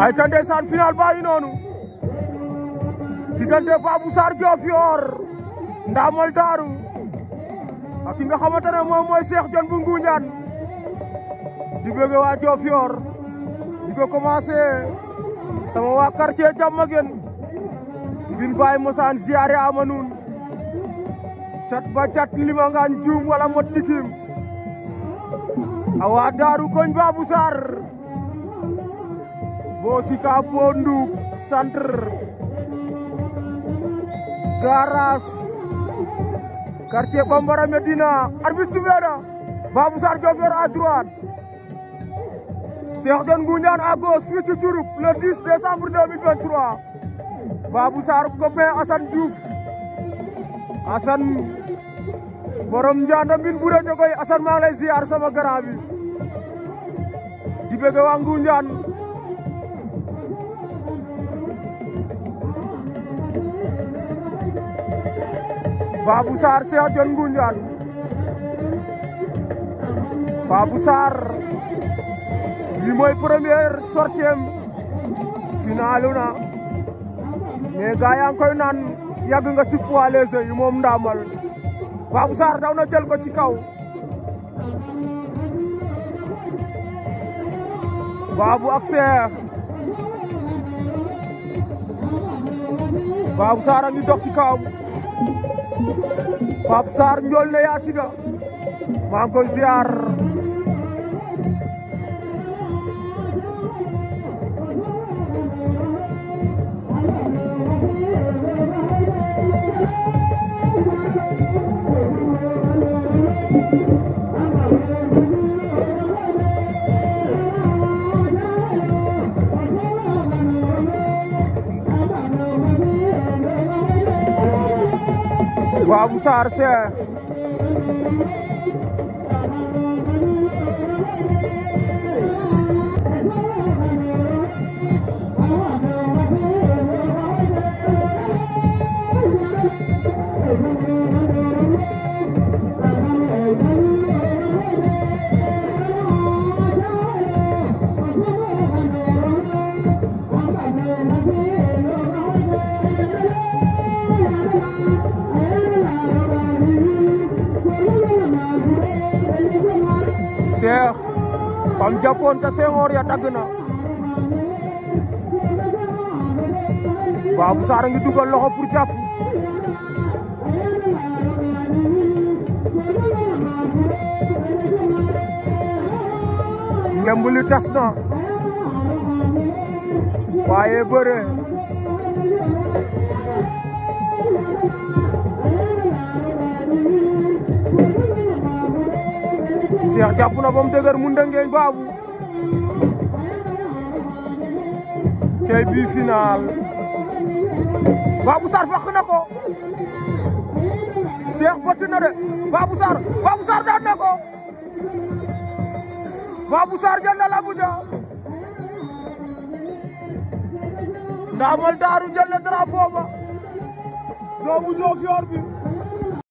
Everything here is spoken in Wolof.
ay ca final baa ngi noonu diggante Babou Sarr Diofior Ndamal Daaru ak ki nga xamantene ne moy Cheikh john bu Ngoundiane di bëgg yor di ko commencé sama wakar quartier magen bin bay mosaan ziaré amanun, chat cat ba chat lima nga juum wala mo dikim awa daru koñ sar Bosika Bonduk Santer Garas Karcie Bambara Medina Arbis Subrada Babu Sarjo Fior Adruan Cheikh Don Gunyan Agos Wicu Juruk le 10 décembre 2023 Babu Sarjo Kope Asan, Juf Asan borom Ndianda Bin Bouré Jokoy Asan Malaysia Arsama Garabi ziar Gunyan di Babou Sarr Cheikh Dione Ngoundiane Babou Sarr lii mooy première sortiem finalu na mais gaa yaa ngi nga si poids léger yi moom ndaamal Babou Sarr daw na jël ko ci kaw Babou ak Cheikh Babou Sarr a ngi dox ci kaw Pape Sarr Ndiol ne Yacine maa koy ziar Babou Sarr Cheikh Cheikh fam jàppoon ca Senghor ya dagg na Babou Sarr a ngi dugal loxo pour jàpp ngemb li tas na bëre Cheikh jàpp na ba mu dëgër mu ndëngeen baabu cey bi final Babou Sarr ko Cheikh bëtt de Babou Sarr Babou Sarr daan ko Babou Sarr jël na la buja ndaamal daaru jël na drapeau ba bi